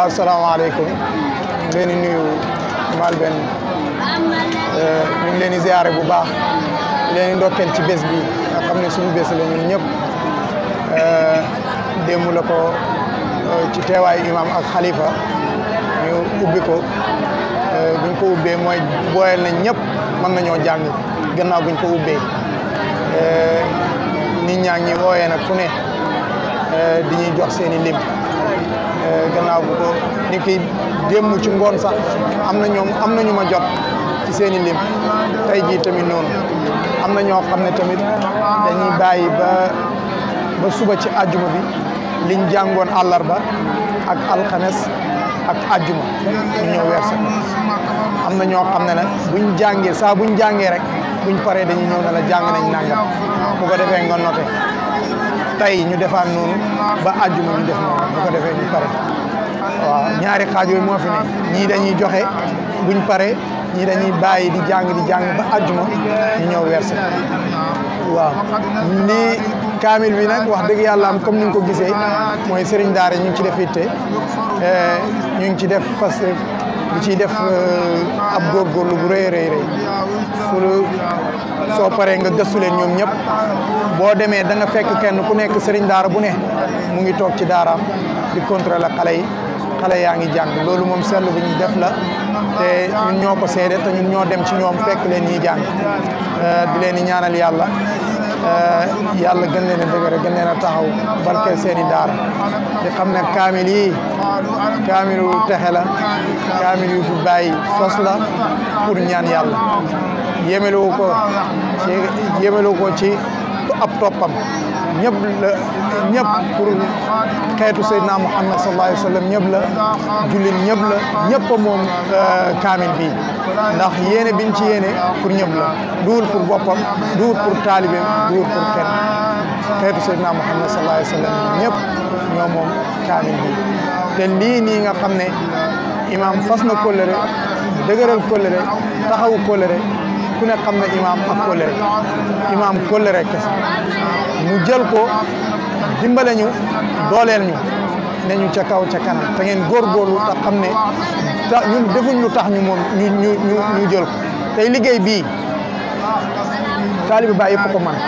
waaw asalaamaaleykum leen di nuyu Malben euh, ñu ngi leen di ziare bu baax leen di ci bés bi nga xam ne suñu bés la ñun ñëpp euh, démb la ko euh, ci teewaay imam ak xalifa ñu ubbi ko buñ ko ubbee mooy booyal nañ ñëpp mën nañoo jàng gannaaw buñ ko ubbee nit ñaa ngi wooyee nag fu ne di ñuy jox seeni i lim. gannaaw bu ko ni ki démb ci ngoon sax am na ñoom am na ñu ma jot ci seeni i lim tey jii tamit noonu am na ñoo xam ne tamit dañuy bàyyi ba ba suba ci àjjuma bi liñ jàngoon àllarba ak alxames ak àjjuma ñu ñëw werse am na ñoo xam ne nag buñ jàngee saa buñ jàngee rek buñ paree dañuy ñëw la jàng nañ nangam bu defee nga tey ñu defaat noonu ba àjjuma ñu def noonu bu ko defee ñu pare ñaari xaaj yooyu moo fi ne ñii dañuy joxe buñ pare ñii dañuy bàyyi di jàng di jàng ba àjjuma ñu ñëw verser waaw nii kaamil bi nag wax dëgg yàlla am comme ni nga ko gisee mooy sëriñ daara ñu ci def itte ñu ngi ci def eh, parce di ciy def euh, ab góor góorlu bu rëy rëy rëy soo paree nga gëstu leen ñoom ñëpp boo demee da nga fekk kenn ku nekk sëriñ daara bu ne mu ngi toog ci daaraam di la xale yi xale yaa ngi jàng loolu moom seetlu bu ñu def la te ñun ñoo ko seede te ñun ñoo dem ci ñoom fekk leen ñuy jàng euh, di leen ñaanal yàlla Eh, yàlla gën leen a dëgër gën leen a taxaw barkeel seen i daara di xam ne kaamil yi kaamil yu texe la kaamil yu fi bàyyi sos la pour ñaan yàlla yemelu ko ci yemelu ko ci ab toppam ñëpp la ñëpp pour xeetu Seydina Muhammad sallallahu alayhi wa sallam ñëpp la jullit ñëpp la ñëpp a moom euh, kaamil bi biñ ci yéene pour ñëpp la duwul pour boppam duwul pour taalibeem duwul pour kenn xeetu Seydina Muhammad sallallahu alayhi wa ñëpp kaamil bi te lii nii nga xam ne imaam fas na kóllëre dëgëral taxaw taxawu kóllëre ku ne xam na imaam ak kóllëre imaam kóllëre kese mu jël ko dimbale ñu dooleel ñu ne ñu ca kaw ca kanam te ngeen góor te xam ne ta ñun lu tax ñu moom ñu ñu jël tey liggéey bii taalibi baa ko ko man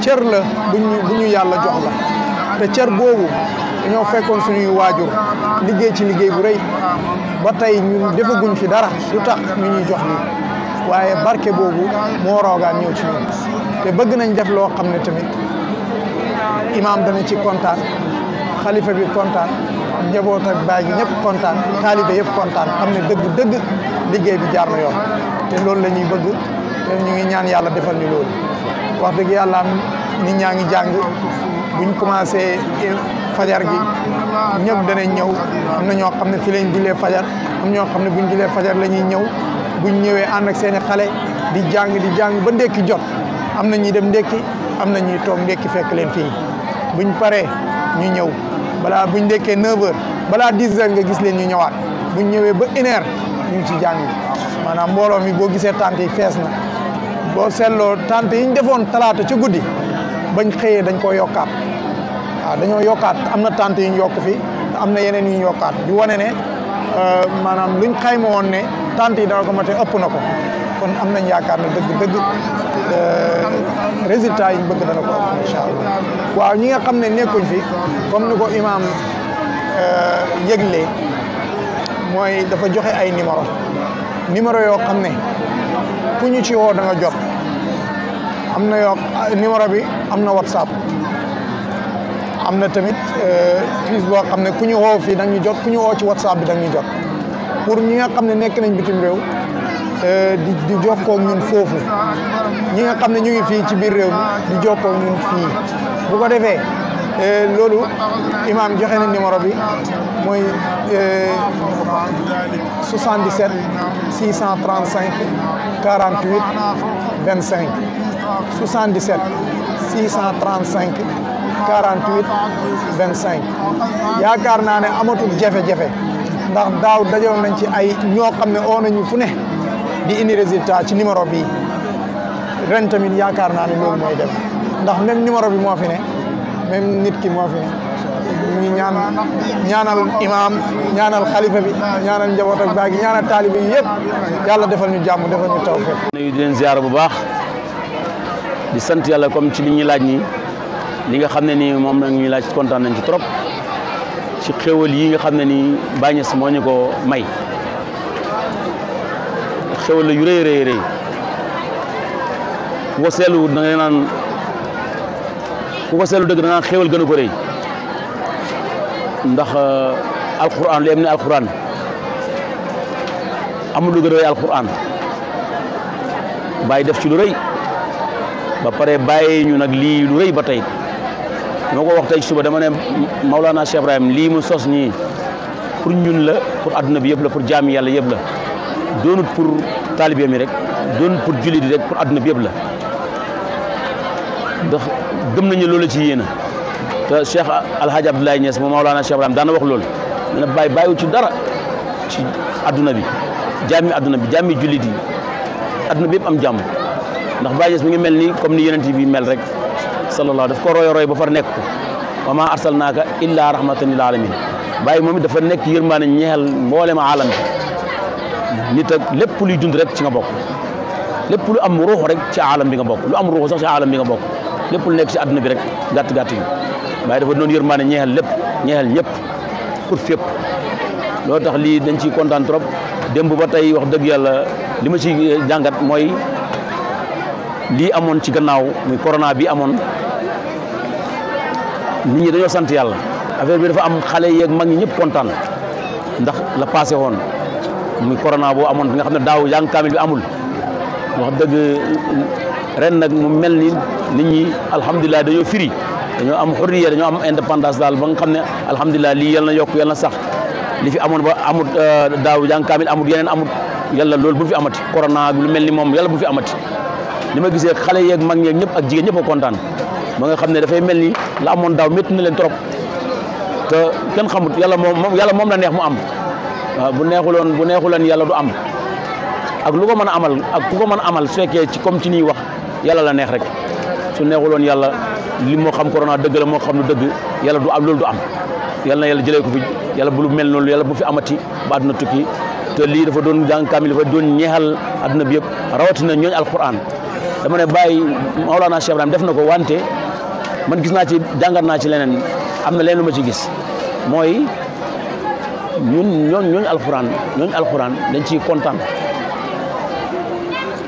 cër la bu ñu yàlla jox te cër boobu dañoo fekkoon suñuy waajur liggéey ci liggéey bu rëy ba tey ñun defaguñ fi dara lu tax ñu ñuy jox waaye barke boobu moo roogaan ñëw ci ñun te bëgg nañ def loo xam ne tamit imaam dana ci kontaan xalifa bi kontaan njaboot ak baay gi ñëpp kontaan taalibe yëpp kontaan xam ne dëgg dëgg liggéey bi jaar na yoon te loolu lañuy bëgg te ñu ngi ñaan yàlla defal ni loolu wax dëgg yàlla nit ñaa ngi jàng buñ commencé fajar gi ñëpp dana ñëw am na ñoo xam ne fi lañ julee fajar am ñoo xam ne buñ julee fajar la ñuy ñëw buñ ñëwee ànd ak seeni xale di jàng di jàng ba ndekki jot am na ñuy dem ndekki am na ñuy toog ndekki fekk leen fii buñ paree ñu ñëw balaa buñ ndekkee 9h balaa dis h nga gis leen ñu ñëwaat buñ ñëwee ba une heure ñu ngi ci jàng maanaam mbooloo mi boo gisee tante yi fees na boo seetloo tante yi ñu defoon talaata ca guddi bañ xëyee dañ koo yokkaat waaw dañoo yokkaat am na tante yu ñu yokk fii am na yeneen yu yokkaat di wane ne euh, maanaam luñ xayma woon ne. attentes yi dana ko mate ëpp na ko kon am nañ yaakaar ne dëgg dëgg euh, résultat yi ñu bëgg dana ko am incha allah waaw ñi nga xam ne nekkuñ fi comme ni ko imaam euh, yëgle mooy dafa joxe ay numéro numéro yoo xam ne ku ñu ci woo da jot am na yoo numéro bi am na whatsapp am na tamit euh, plus boo xam ne ku ñu woo fii da ñu jot ku ñu woo ci whatsapp bi dang nga ñu jot pour ñi nga xam ne nekk nañ bitim réew euh, di di jokkoo ak ñun foofu ñi nga xam ne ñu ngi fii ci biir réew mi di jokkoo ak fii bu ko defee euh, loolu imaam joxe na numéro bi mooy 77 635 48 25 77 635 48 25 yaakaar naa ne amatul jafe-jafe. ndax daaw dajaloon nañ ci ay ñoo xam ne oo nañu fu ne di indi résultat ci numéro bi ren tamit yaakaar naa ne loolu mooy def ndax même numéro bi moo fi ne nit ki moo fi ñaan ñaanal imaam ñaanal xalifa bi ñaanal njaboot ak baagi ñaanal taalibe yi yëpp yàlla defal ñu jàmm defal ñu tawfeex. nuyu di leen ziar bu baax di sant yàlla comme ci li ñuy laaj nii li nga xam ne nii moom la ñuy laaj kontaan nañ ci trop. ci xéwal yi nga xam ne ni Baay Ñas moo ñu ko may xéwal la yu rëy rëy rëy ku ko seetlu da ku ko dëgg da naan xéwal gënu ko rëy ndax euh, alquran lu em ne alquran amul lu gën a rëy alquran Baay def ci lu rëy ba pare bàyyi ñu nag lii lu rëy ba tey ma ko wax tey suba dama ne Maulana Cheikh Ibrahim lii mu sos nii pour ñun la pour adduna bi yëpp la pour jaami yàlla yëpp la doonut pour taalibe mi rek doonut pour jullit rek pour adduna bi yëpp la ndax gëm nañu loolu ci yéen te Cheikh Al Hadj Abdoulaye Niass moom Maulana Cheikh daana wax loolu ne na bàyyi bàyyiwu ci dara ci adduna bi jaami adduna bi jaami jullit yi adduna bi yëpp am jàmm ndax Baye Niass mu ngi mel nii comme ni yeneen bi mel rek. sallallahu daf ko royo roy ba far nekk ko wa maa arsalnaaka illaa rahmatan alamin bàyyi moom it dafa nekk yërmaane ñeexal mboolem aalam bi nit ak lépp luy dund rek ci nga bokk lépp lu am ruux rek ci aalam bi nga bokk lu am ruux sax ci aalam bi nga bokk lépp lu nekk ci àdduna bi rek gàtt gàtt bi bàyyi dafa doon yërmaane ñeexal lépp ñeexal ñëpp pour fépp loolu tax lii dañ ciy kontaan trop démb ba tey wax dëgg yàlla li ma ci jàngat mooy lii amoon ci gannaaw muy corona nit ñi dañoo sant yàlla affaire bi dafa am xale yeeg mag ñi ñëpp kontaan ndax la passé woon mu corona boo amoon bi nga xam ne daaw jàng kaamil bi amul wax dëgg ren nag mu mel ni nit ñi alhamdulilah dañoo firi dañoo am xurriya dañoo am indépendance daal ba nga xam ne alhamdulilah lii yal na yokk yal na sax li fi amoon ba amut euh, daaw jàng kaamil amut yeneen amut yàlla loolu bu fi amati corona lu mel ni moom yàlla bu fi amati li ma gisee xale yeeg mag ñeeg ñëpp ak jigéen ñëpp kontaan. ba nga xam ne dafay mel ni la amoon daaw métti leen trop te kenn xamut yàlla moom yàlla moom la neex mu am bu neexuloon bu neexuloon yàlla du am ak lu ko mën a amal ak ku ko mën a amal su fekkee ci comme ci nii wax yàlla la neex rek su neexuloon yàlla li moo xam corona dëgg la moo xam lu dëgg yàlla du am loolu du am yàlla yàlla jëlee ko fi yalla bu lu mel noonu yàlla bu fi amati ba àdduna tukki te lii dafa doon jàng kaamil dafa doon ñeexal àdduna bi yëpp rawatina ñooñ alquran dama ne bàyyi def na ko wante man gis naa ci jàngat naa ci leneen am na leen lu ma ci gis mooy ñun ñooñ ñooñu alxuraan ñooñ alxuraan dañ ci kontaan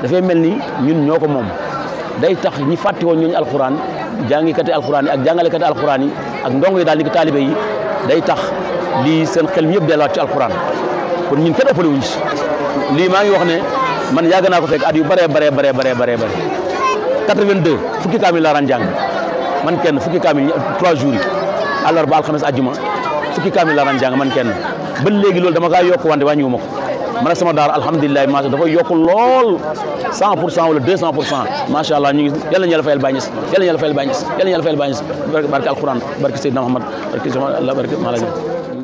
dafay mel ni ñun ñoo ko moom day tax ñi fàtte woon ñooñu alxuraan jàngikati alxuraan yi ak jàngalekati alxuraan yi ak ndongo yi daal ni ko taalibe yi day tax lii seen xel mi yëpp delluwaat ci alxuraan kon ñun kenn ëppale wuñ ci lii maa ngi wax ne man yàgg naa ko fekk at yu bare bare bare bare bare bare 82 fukki kaamil laa daan jàng man kenn fukki kaamil trois jours yi àllarba alxames àjjuma fukki kaamil laa daan jàng man kenn ba léegi loolu dama kaa yokk wante wàññiwuma ko man ak sama daara alhamdulilah macha dafa yokk lool cent pour cent wala deux cent pour cent macha allah ñu ngi yàlla ñu yàlla fayal bàññis yàlla ñu yàlla fayal bàññis yàlla ñu yàlla fayal bàññis barke alquran barke Seydina Muhammad barke sama Allah barke Maalaji